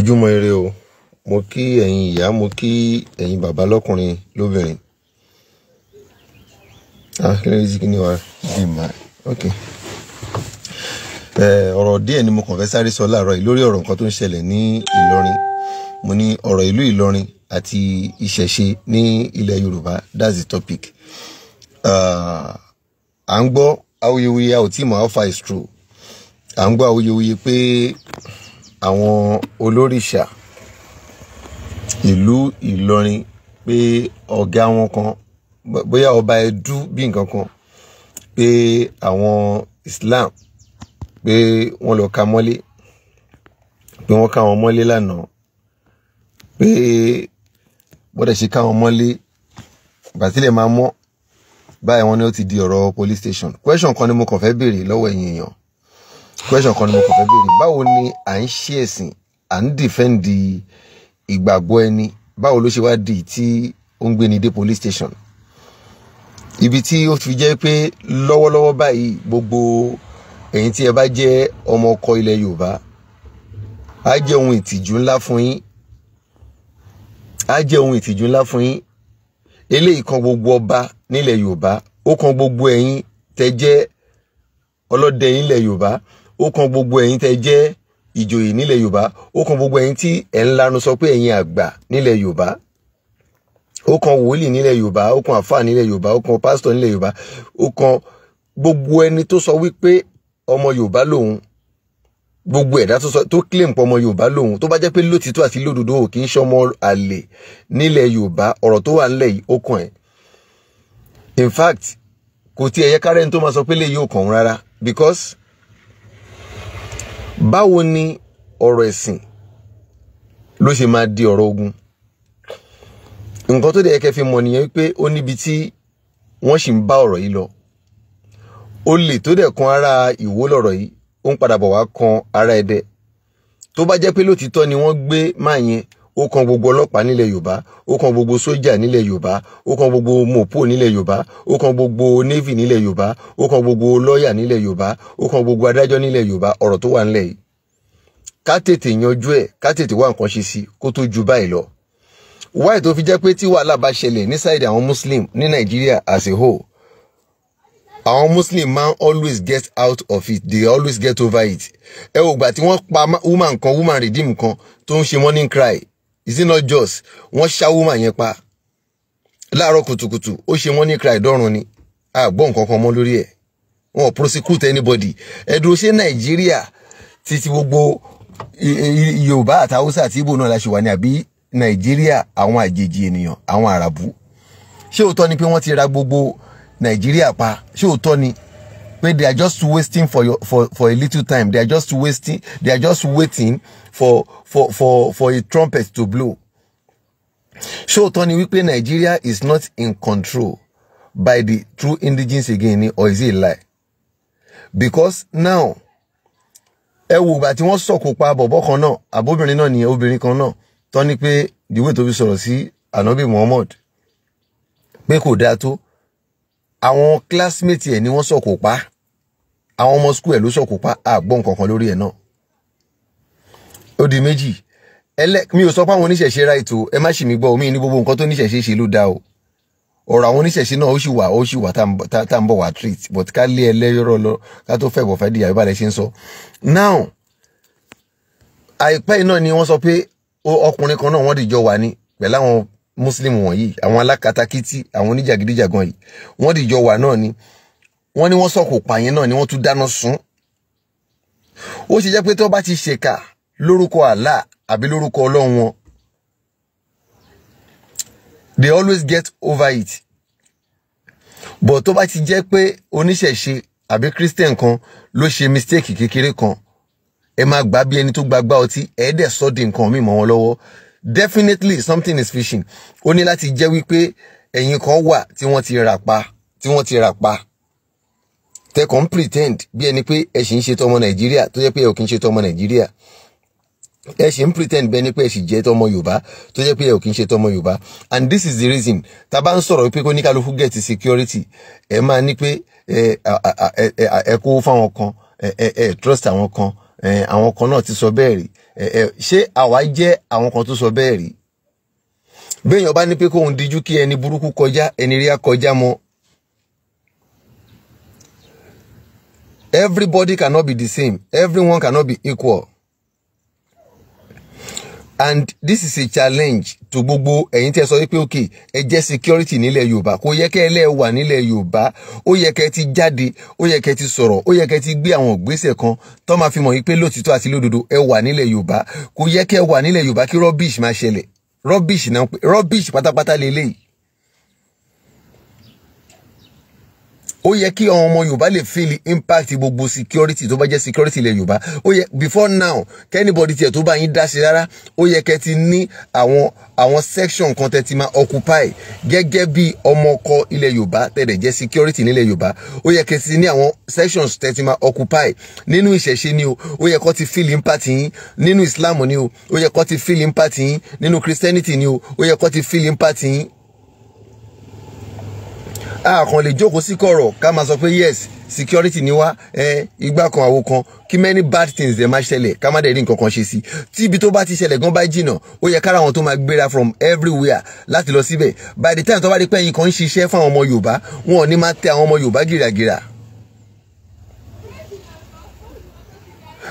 ojúmọ́ ire o mo kí ẹ̀yin ìyá mo kí ẹ̀yin bàbá lọ́kùnrin lóbìnrin ah kí ló ń kí ni wàá di mà ok eh, ọ̀rọ̀ díẹ̀ ni mo kàn fẹ́ sáré sọ láàárọ̀ yìí lórí ọ̀rọ̀ nǹkan tó ń ṣẹlẹ̀ ní Ìlọrin mo ní ọ̀rọ̀ ìlú Ìlọrin àti ìṣẹ̀ṣe ní ilẹ̀ Yorùbá that's the topic ah, à ń gbọ́ awuyewuye a ò tí mọ̀ how far is true à ń gbọ́ awuyewuye pé àwọn olórìṣà ìlú Ìlọrin pé ọ̀gá wọn kan bóyá ọba Ẹdú bí nǹkan kan pé àwọn Islam pé wọ́n lọ ka mọ́lé pé wọ́n ká wọn mọ́lé lánàá pé wọ́n dẹ̀ ṣe ká wọn mọ́lé bàtílẹ̀ máa mọ́ báyìí wọ́n ní ó ti di ọ̀rọ̀ police station question kan ni mo kàn fẹ́ béèrè lọ́wọ́ ẹ̀yin èèyàn question kan ni mo kàn fẹ́ béèrè báwo ni à ń ṣe ẹ̀sìn à ń dìfẹ́ǹdì ìgbàgbọ́ ẹni báwo ló ṣe wá di tí ó ń gbé ni dé police station ibi tí ó fi jẹ́ pé lọ́wọ́lọ́wọ́ báyìí gbogbo ẹ̀yin tí ẹ bá jẹ́ ọmọ ọkọ ilẹ̀ Yorùbá á jẹ́ ohun ìtìjú ńlá fún yín á jẹ́ ohun ìtìjú ńlá fún yín eléyìí kan gbogbo ọba nílẹ̀ Yorùbá ó kan gbogbo ẹ̀yin tẹ́ jẹ́ ọlọ́dẹ yín nílẹ̀ Yorùbá ó kan gbogbo ẹ̀yin tẹ́ jẹ́ ìjòyè nílẹ̀ yorùbá ó kan gbogbo ẹ̀yin tí ẹ̀ ń lanu sọ pé ẹ̀yin àgbà nílẹ̀ yorùbá ó kan wòlíì nílẹ̀ yorùbá ó kan àfáà nílẹ̀ yorùbá ó kan pásítọ̀ nílẹ̀ yorùbá ó kan gbogbo ẹni tó sọ wípé ọmọ yorùbá lòun gbogbo ẹ̀dá tó sọ tó claim pọ̀ ọmọ yorùbá lòun tó bá jẹ́ pé lótìtọ́ àti lódodo ò kì í ṣọmọ àlè nílẹ̀ yorùbá ọ̀rọ̀ tó wà nílẹ̀ yìí ó kàn ẹ́ in fact kò tiẹ̀ yẹ kárẹ́ni tó máa sọ pé lè yóò kàn rárá because báwo ni ọ̀rọ̀ ẹ̀sìn ló ṣe máa di ọ̀rọ̀ ogun nǹkan tó dẹ̀ kẹ́ fi mọ̀ nìyẹn wípé ó níbi tí wọ́n sì ń bá ọ̀rọ̀ yìí lọ olè tó dẹ̀ kan ara ìwó lọ̀rọ̀ yìí ó ń padà bọ̀ wá kan ara ẹ̀dẹ̀ tó bá jẹ́ pé lótìtọ́ ni wọ́n gbé máa yẹn ó kan gbogbo ọlọ́pàá nílẹ̀ yorùbá ó kan gbogbo sójà nílẹ̀ yorùbá ó kan gbogbo mọ̀pó nílẹ̀ yorùbá ó kan gbogbo navy nílẹ̀ yorùbá ó kan gbogbo lọ́ọ̀yà nílẹ̀ yorùbá ó kan gbogbo adájọ́ nílẹ̀ yorùbá ọ̀rọ̀ tó wà nílẹ̀ yìí ká tètè yanjú ẹ̀ ká tètè wá nǹkan ṣe sí kó tó ju báyìí lọ. wáyé tó fi jẹ́ pé tí wàhálà bá ṣẹlẹ̀ ní sáìdì àwọn muslim ní nàìjíríà as a whole àwọn muslim man always get out of it they always get over it ẹ wò gbà tí wọ́n pa woman kan woman redeem kan tó ń ṣe morning cry is it not just wọ́n ṣá woman yẹn pa láàárọ̀ kùtùkùtù ó ṣe wọ́n ní cry dọ́run ni àgbọ̀ nǹkan kan mọ́ lórí ẹ̀ wọn prosecute anybody ẹ̀dùn ṣé nàìjíríà títí gbogbo yorùbá àti haúsá àti ibo náà la ṣe wà ní àbí nàìjíríà àwọn àjèjì ènìyàn àwọn àràbù ṣé òótọ́ ni pé wọ́n ti ra gbogbo nàìjíríà pa ṣé òótọ́ ni pé they are just wasting for your for for a little time they are just wasting they are just waiting for for for for a trumpet to blow So Tony, we play Nigeria is not in control by the true indigenes again or is it a lie because now ẹ wo ìgbà tí about sọ̀kò pa bọ̀bọ̀ kan náà àbóbìnrin náà nìyẹn obìnrin kan náà tọ́ ni pé ìwé tó fi sọ̀rọ̀ sí Ànábì Muhammad pé kò dáa tó àwọn classmate ẹ̀ ni wọ́n sọ̀kò pa àwọn ọmọ school ẹ̀ ló sọ̀kò pa àgbọ̀n kankan lórí ẹ̀ náà ó di méjì ẹlẹ́ mi ò sọ pé àwọn oníṣẹ̀ṣe ra ètò ẹ má ṣì mí gbọ́ omi ní gbogbo nǹkan tó níṣẹ̀ṣe ṣe ló dáa o ọ̀rọ̀ àwọn oníṣẹ̀ṣe náà ó sì wà ó sì wà tá à bọ̀ wá treat but ká lé ẹlẹ́yọ̀rọ̀ lọ ká tó fẹ́ bọ̀ fẹ́ di àbíbalẹ̀ ṣe ń sọ now àìpẹ́ náà ni wọ́n sọ pé ọkùnrin kan náà wọ́n dìjọ wà ní pẹ̀lú muslim wọ̀nyí àwọn alákatakítí àwọn oníjàgídíjàgan yìí wọ́n dìjọ wà náà ni wọ́n ní wọ́n sọ̀kò pààyàn náà ni wọ́n tún dáná sun ó ṣe jẹ́ pé tí wọ́n bá ti ṣèkà lórúkọ Allah àbí lórúkọ ọlọ́run wọn they always get over it but tó bá ti jẹ́ pé oníṣẹ̀ṣe àbí christian kan ló ṣe mistake kékeré kan ẹ máa gbà bí ẹni tó gbagbá ọtí ẹ̀ẹ́dẹ̀ sọ́ọ̀dì nǹkan míì mọ́ wọn lọ́wọ́ definitely something is fishing ó ní láti jẹ́ wípé ẹ̀yin kan wà tí wọ́n ti rà pa tí wọ́n ti rà pa tẹkàn pretend bí ẹni pé ẹ sì ń ṣe tọmọ nàìjíríà tó jẹ́ pé ẹ ò kí ń ṣe tọmọ nàìjíríà ẹ sì ń pretend bí ẹni pé ẹ sì jẹ́ tọmọ yorùbá tó jẹ́ pé ẹ ò kí ń ṣe tọmọ yorùbá and this is the reason tá a bá ń sọ̀rọ̀ wípé kó ní kálukú get security ẹ máa ní pé ẹ ẹ ẹ kó fáwọn kan ẹ ẹ trust àwọn kan àwọn kan náà ti sọ bẹ́ẹ̀ rí ṣé àwa jẹ́ àwọn kan tó sọ bẹ́ẹ̀ rí béèyàn bá ní pé kóun díjú kí ẹni burúkú kọjá ẹni rí akọjá mọ́ everybody cannot be the same everyone cannot be equal and this is a challenge to gbogbo ẹ̀yin tí ẹ sọ wípé ok ẹ jẹ́ security nílẹ̀ yorùbá kò yẹ kẹ́ ẹ lẹ́ẹ̀ wà nílẹ̀ yorùbá ó yẹ kẹ́ ẹ ti jáde ó yẹ kẹ́ ẹ ti sọ̀rọ̀ ó yẹ kẹ́ ẹ ti gbé àwọn ìgbésẹ̀ kan tó máa fi mọ̀ wípé lótìtọ́ àti lódodo ẹ wà nílẹ̀ yorùbá kò yẹ kẹ́ wà nílẹ̀ yorùbá kí rubbish máa ṣẹlẹ̀ rubbish náà rubbish pátápátá lélẹ́yìí ó yẹ kí àwọn ọmọ yorùbá lè feel impact gbogbo security tó bá jẹ́ security ilẹ̀ yorùbá ó yẹ before now kẹ́nìbọ̀dì tiẹ̀ tó bá yín dá ṣe rárá ó yẹ kẹ́ ti ní àwọn àwọn section kan tẹ́ ti máa occupy gẹ́gẹ́ bí ọmọ ọkọ ilẹ̀ yorùbá tẹ̀lé jẹ́ security nílẹ̀ yorùbá ó yẹ kẹ́ ti ní àwọn sections tẹ́ ti máa occupy nínú ìṣẹ̀ṣe ni o ó yẹ kó ti feel impact yín nínú islam ni o ó yẹ kó ti feel impact yín nínú christianity ni o ó yẹ kó ti feel impact yín a kàn lè jókòó sí kọ̀rọ̀ ká máa sọ pé yes security ni wá ẹ igbá kan àwo kan kí many bad things dẹ̀ máa ṣẹlẹ̀ ká má dẹ̀ rí nǹkan kan ṣe sí i tí ibi tó bá ti ṣẹlẹ̀ gan bá jìnà ó yẹ kára àwọn tó máa gbéra from everywhere láti lọ síbẹ̀ by the time tó bá rí pé ẹ̀yin kan ń ṣiṣẹ́ fún àwọn ọmọ Yorùbá wọn ò ní máa tẹ àwọn ọmọ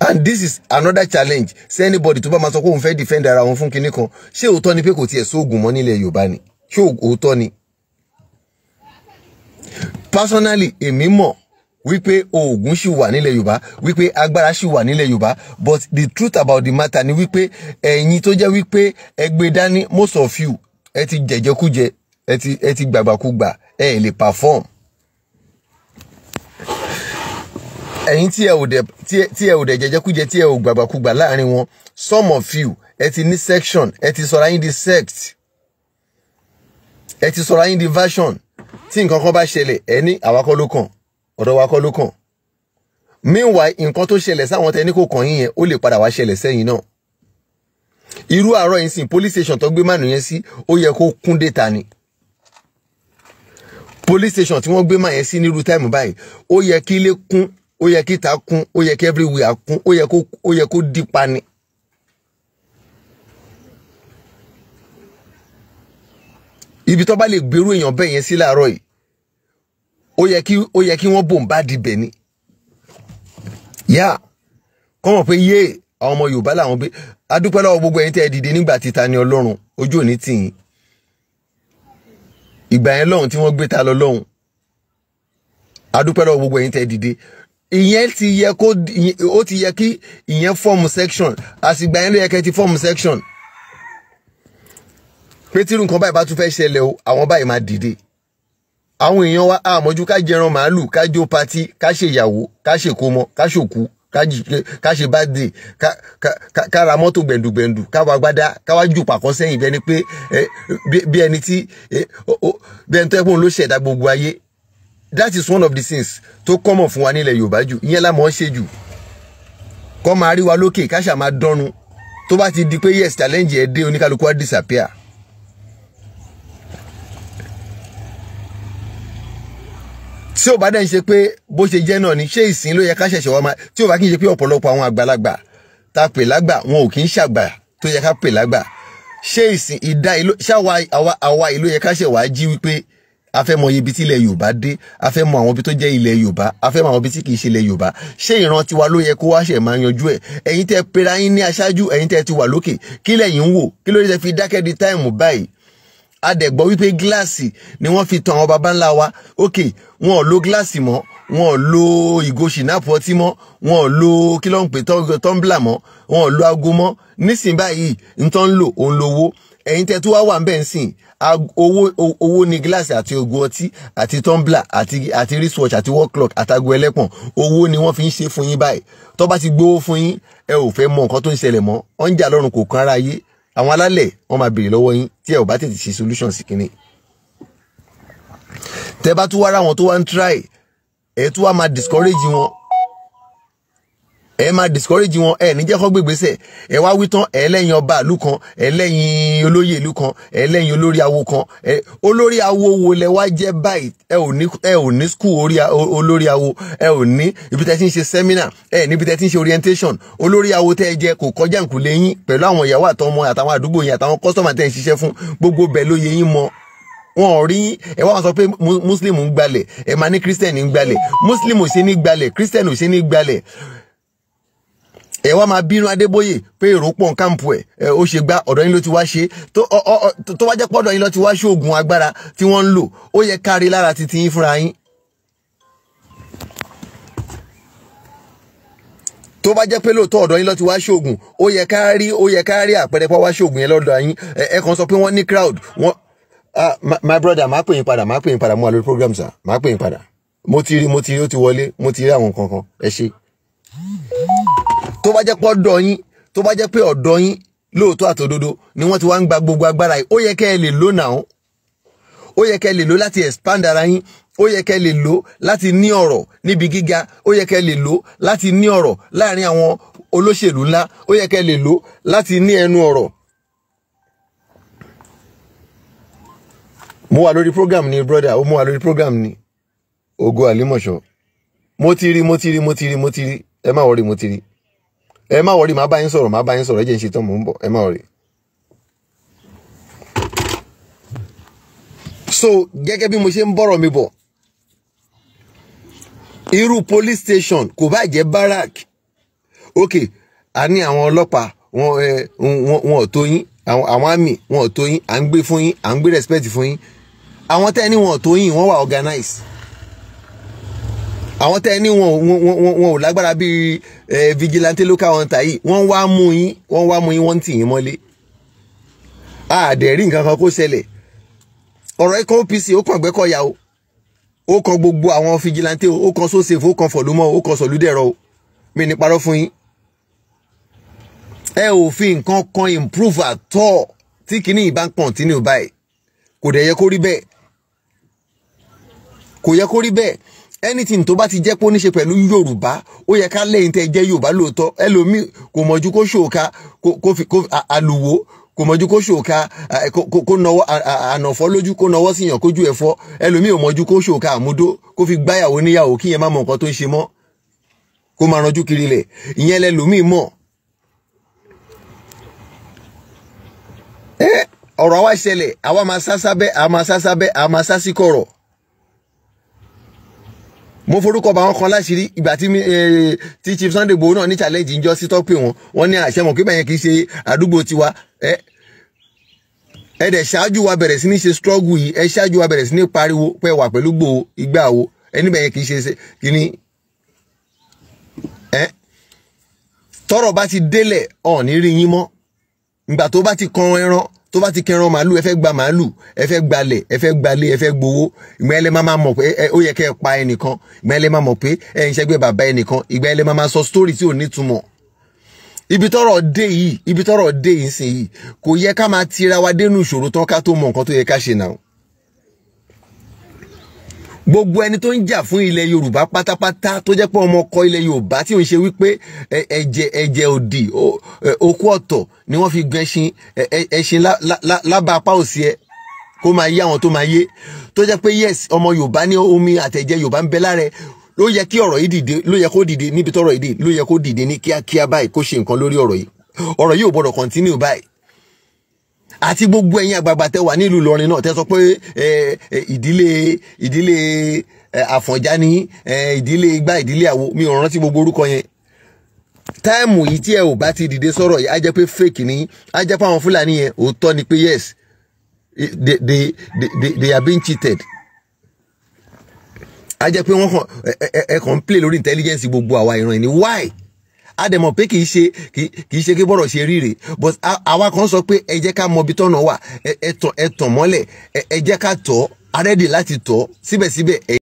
and this is another challenge say anybody tó bá máa sọ pé òun fẹ́ defend ara wọn fún kinní kan ṣé òótọ́ ni pé kò tiẹ̀ sóògùn mọ́ nílẹ̀ Yorùbá ni ṣé òótọ́ ni personally èmi mọ̀ wípé oògùn ṣì wà nílẹ̀ yorùbá wípé agbára ṣì wà nílẹ̀ yorùbá but the truth about the matter ni wípé ẹ̀yin tó jẹ́ wípé ẹgbẹ́ dání most of you ẹ ti jẹ̀jẹ̀kújẹ ẹ ti ẹ ti gbàgbàkúgbà ẹ ẹ lè perform. ẹ̀yin tí ẹ ò dẹ̀ tí ẹ ò dẹ̀ jẹ̀jẹ̀kújẹ tí ẹ ò gbàgbàkúgbà láàrin wọn some of you ẹ ti ní section ẹ ti sọra yín di sect ẹ ti sọra yín di version tí nǹkan kan bá ṣẹlẹ̀ ẹ ní àwa kọ́ ló kàn ọ̀dọ̀ wa kọ́ ló kàn meanwhile nǹkan tó ṣẹlẹ̀ sáwọn tẹni kò kàn yín yẹn ó lè padà wá ṣẹlẹ̀ sẹ́yìn náà irú àárọ̀ yìí sìn police station tó gbé mànù yẹn sí ó yẹ kó kún déta ni police station tí wọ́n gbé mànù yẹn sí nírú táìmù báyìí ó yẹ kí ilé kún ó yẹ kí ìta kún ó yẹ kí everywhere kún ó yẹ kó ó yẹ kó dípa ni ibi tó bá lè gbèrú èèyàn bẹ́ẹ̀ yẹn sí láàárọ̀ yìí ó yẹ kí ó yẹ kí wọ́n bò ń bá di bẹ̀ ni yá kọ́ mọ̀ pé yé àwọn ọmọ Yorùbá làwọn gbé adúpẹ́ lọ́wọ́ gbogbo ẹ̀yin tẹ́ ẹ dìde nígbà tí ta Ọlọ́run ojú òní tì ìgbà yẹn lọ́hùn tí wọ́n gbé ta lọ lọ́hùn adúpẹ́ lọ́wọ́ gbogbo ẹ̀yin tẹ́ ẹ dìde ìyẹn ti yẹ kó ó ti yẹ kí ìyẹn fọ́ọ̀mù section àsìgbà yẹn ló yẹ kẹ́ ti fọ́ọ̀mù section pé nǹkan báyìí bá tún fẹ́ ṣẹlẹ̀ o àwọn báyìí máa dìde àwọn èèyàn wa àmọ́jú ká jẹran màálù ká jó patí ká ṣe ìyàwó ká ṣe kómọ ká ṣòkú ká ṣe bádé ká ra mọ́tò gbẹ̀ndùgbẹ̀ndù ká wá gbádá ká wá jù pàkọ́ sẹ́yìn bí ẹni pé bí ẹni tí bí ẹni tó ẹ̀pọ̀n ló ṣẹ̀dá gbogbo ayé that is one of the things tó kọ́mọ̀ fún wa nílẹ̀ Yorùbá jù ìyẹn la mọ̀ ọ́n ṣe jù kọ́ máa rí wa lókè ká ṣà máa dánrun tó bá ti di pé yes challenge ẹ̀ dé oníkálukú á disappear tí ò bá dẹ̀ ń ṣe pé bó ṣe jẹ́ náà ni ṣé ìsìn ló yẹ ká ṣẹ̀ṣẹ̀ wá máa tí ò bá kí n ṣe pé ọ̀pọ̀lọpọ̀ àwọn àgbàlagbà ta pè lágbà wọn ò kí ń ṣàgbà tó yẹ ká pè lágbà ṣé ìsìn ìdá ìlú ṣáwa àwa àwa ìlú yẹ ká ṣẹ̀ wá jí wípé a fẹ́ mọ ibi tí ilẹ̀ Yorùbá dé a fẹ́ mọ àwọn ibi tó jẹ́ ilẹ̀ Yorùbá a àwọn ibi tí kì í ṣe ilẹ̀ Yorùbá ṣé ìran tiwa ló yẹ kó wá ṣẹ̀ máa yanjú ẹ̀ ẹ̀yin tẹ́ pera yín ní aṣáájú ẹ̀yin tẹ́ ti wà lókè kí lẹ̀yin ń wò kí ló fi dákẹ́ di táìmù báyìí adẹ̀gbọ́ wípé gíláàsì ni wọ́n fi tan àwọn baba ńlá wa ok wọn ò lo gíláàsì mọ́ wọn ò lo ìgò ṣìnáàpù ọtí mọ́ wọn ò lo kí ló ń pè tọ́ḿbìlà mọ́ wọn ò lo aago mọ́ nísìnyí báyìí n tán ń lò òun lowó ẹ̀yin tẹ́ tó wá wà ń bẹ̀ ń sìn owó owó ni gíláàsì àti ògo ọtí àti tọ́ḿbìlà àti àti wristwatch àti wall clock àtago ẹlẹ́pọ̀n owó ni wọ́n fi ń ṣe fún yín báyìí tó bá ti gbowó fún yín ẹ ò àwọn alálẹ̀ wọ́n máa béèrè lọ́wọ́ yín tí ẹ ò bá tètè ṣe solution sí kínní. tẹ bá tún wá ra wọn tó wá ń try ẹ tún wá máa discourage wọn ẹ máa discourage wọn ẹ ní jẹ́ kó gbégbésẹ̀ ẹ wá wí tán ẹ lẹ́yìn ọba ìlú kan ẹ lẹ́yìn olóyè ìlú kan ẹ lẹ́yìn olórí awo kan ẹ olórí awo wo lẹ wá jẹ́ báyìí ẹ ò ní school orí olórí awo ẹ ò ní ibi tẹ́ ti ń ṣe seminar ẹ níbi tẹ́ ti ń ṣe orientation olórí awo tẹ́ ẹ jẹ́ kò kọjá nkùlé yín pẹ̀lú àwọn ìyàwó àtọmọ àtàwọn àdúgbò yín àtàwọn customer tẹ́ ń ṣiṣẹ́ fún gbogbo bẹ́ẹ̀ ló yẹ yín mọ́ wọn rí ẹ wá wọn sọ pé muslim ń gbalẹ̀ ẹ máa ní christian ń gbalẹ̀ muslim ò ṣe ní gbalẹ̀ christian ò ṣe ní gbalẹ̀ ẹ wá máa bínú Adébóyè pé èrò pọ̀ nkáǹpù ẹ̀ ẹ ó ṣe gbá ọ̀dọ̀ yín ló ti wá ṣe tó wá jẹ́ pọ́dọ̀ yín ló ti wá ṣe oògùn agbára tí wọ́n ń lò ó yẹ kárí lára titi yín fúnra yín. tó bá jẹ́ pé lóòótọ́ ọ̀dọ̀ yín ló ti wá ṣe oògùn ó yẹ kárí ó yẹ kárí àpẹẹrẹ pọ́ wá ṣe oògùn yẹn lọ́dọ̀ yín ẹ kàn sọ pé wọ́n ní crowd wọ́n ah my brother máa pè yín padà máa pè yín padà mo wà lórí program sir máa pè yín padà mo ti rí mo ti rí ó ti wọlé mo ti rí àwọn kankan ẹ ṣe tó bá jẹ́ pé ọ̀dọ̀ yín tó bá jẹ́ pé ọ̀dọ̀ yín lóòótọ́ àtòdodo ni wọ́n ti wá ń gba gbogbo agbára yìí ó yẹ kẹ́ ẹ lè lò náà ó yẹ kẹ́ ẹ lè lò láti expand ara yín ó yẹ kẹ́ ẹ lè lò láti ní ọ̀rọ̀ níbi gíga ó yẹ kẹ́ ẹ lè lò láti ní ọ̀rọ̀ láàrin àwọn olóṣèlú ńlá ó yẹ kẹ́ ẹ lè lò láti ní ẹnu ọ̀rọ̀. mo wà lórí program ni brother ó mo wà lórí program ni Ògo Àlímọ̀ṣọ́ mo ti rí mo ti rí mo ti rí mo ti rí ẹ má wọrí mo ti rí ẹ má wọrí màá bá yín sọ̀rọ̀ màá bá yín sọ̀rọ̀ ẹ jẹ́ ń ṣe tán mò ń bọ̀ ẹ má wọrí. so gẹ́gẹ́ bí mo ṣe ń bọ̀rọ̀ mi bọ̀ irú police station kò bá jẹ́ barrack ok a ní àwọn ọlọ́pàá wọn ẹ wọn ò tó yín àwọn àmì wọn ò tó yín à ń gbé fún yín à ń gbé respect fún yín àwọn tẹ́ ẹ ní wọn ò tó yín wọ́n wà organize àwọn tẹ́ ẹ ní wọn wọn ò lágbára bíi vigilante local hunter yìí wọ́n wá mú yín wọ́n wá mú yín wọ́n ń tì yín mọ́lé àdẹ̀rí nǹkan kan kó ṣẹlẹ̀ ọ̀rọ̀ ikọ̀ OPC ó kàn gbẹ́kọ̀yà o ó kàn gbogbo àwọn fijilantí o ó kàn sósèfò ó kàn fọ̀lúmọ́ ó kàn sọ̀lúdẹ̀rọ o mi ní parọ́ fún yín ẹ ò fi nǹkan kan improve at all tí kinní ìbá ń continue báyìí kò dẹ̀ yẹ kó rí bẹ́ẹ̀ kò yẹ kó rí bẹ́ẹ̀ anything tó bá ti jẹ́ pé ó ní ṣe pẹ̀lú yorùbá ó yẹ ká lẹ́yìn tẹ́ jẹ́ yorùbá lóòótọ́ ẹlòmíì kò mọ̀jú kó ṣòka kó fi àlùwò kò mọ̀jú kó ṣòka kó nọwọ́ ànàfọ́ lójú kó nọwọ́ síyàn kójú ẹ̀fọ́ ẹlòmíì ò mọ̀jú kó ṣòka àmúdó kó fi gbáyàwó níyàwó kí yẹn má mọ nǹkan tó ń ṣe mọ́ kó máa ranjú kiri lẹ̀ ìyẹn lẹlòmíì mọ̀ ọ̀rọ̀ àwa ṣẹlẹ̀ àwa máa sá sábẹ́ àwa máa sá sábẹ́ àwa máa sá sí kọ̀rọ̀ mo forúkọ bá wọn kan láṣìírí ìgbà tí eh, tí chief Sunday Igboho náà ní challenge ń jọ sí tọ́pẹ́ wọn wọn ní àṣẹmọ̀ pé bẹ́yẹn kì í ṣe àdúgbò tiwa ẹ ẹ ṣáájú wa bẹ̀rẹ̀ sí ní ṣe struggle yìí ẹ ṣáájú wa bẹ̀rẹ̀ sí ní pariwo pé wà pẹ̀lú gbòó ìgbà wo ẹni bẹ̀yẹn kì í ṣe kíní ẹ tọ́rọ̀ bá ti délẹ̀ ọ̀ ní rí yín mọ́ ìgbà tó bá ti kan ẹran tó bá ti kẹran màálù ẹ fẹ́ gba màálù ẹ fẹ́ gbalẹ̀ ẹ fẹ́ gbalẹ̀ ẹ fẹ́ gbowó ìgbà ẹ lè máa mọ̀ pé ó yẹ kẹ́ ẹ pa ẹnìkan ìgbà ẹ lè máa mọ̀ pé ẹ ń ṣẹ́gbẹ́ bàbá ẹnìkan ìgbà ẹ máa sọ story tí ò ní túmọ̀ ibi tọ́rọ̀ dé yìí ibi tọ́rọ̀ dé yìí ń sìn yìí kò yẹ ká máa tira dénú ìṣòro tán ká tó mọ̀ nǹkan tó yẹ ká ṣe náà gbogbo ẹni tó ń jà fún ilẹ̀ yorùbá pátápátá tó jẹ́ pé ọmọ ọkọ ilẹ̀ yorùbá tí òun ṣe wípé ẹ̀jẹ̀ ẹ̀jẹ̀ òdì okú ọ̀tọ̀ ni wọ́n fi gun ẹṣin ẹṣin lábá apá òsì ẹ kó máa yé àwọn tó máa yé tó jẹ́ pé yes ọmọ yorùbá ní omi àtẹ̀jẹ̀ yorùbá ń bẹ lára ẹ ló yẹ kí ọ̀rọ̀ yìí dìde ló yẹ kó dìde níbi tọ́rọ̀ yìí dìde ló yẹ kó dìde ní kíákíá báyìí kó ṣe nǹkan lórí ọ̀rọ̀ yìí ọ̀rọ̀ yìí ò gbọ́dọ̀ continue báyìí àti gbogbo ẹ̀yin àgbààgbà tẹ wà nílùú Ìlọrin náà tẹ sọ pé ìdílé ìdílé Àfọ̀njá ní ìdílé igbá ìdílé àwo mi ò rántí gbogbo orúkọ yẹn táìmù yìí tí ẹ ò bá ti dìde sọ̀rọ̀ yìí á jẹ́ pé fake ni á jẹ́ pé àwọn Fúlàní yẹn òótọ́ ni pé yes they they they are being cheated á jẹ́ pé wọ́n kàn ẹ ẹ kàn ń play lórí intelligence gbogbo àwa ìran yìí ni why a dẹ̀ mọ̀ pé kì í ṣe kì í ṣe kí bọ́rọ̀ ṣe ríre but àwa kan sọ pé ẹ jẹ́ ká mọ ibi tọ́nà wà ẹ tàn mọ́lẹ̀ ẹ jẹ́ ká tọ́ arẹ́dì láti tọ́ síbẹ̀síbẹ̀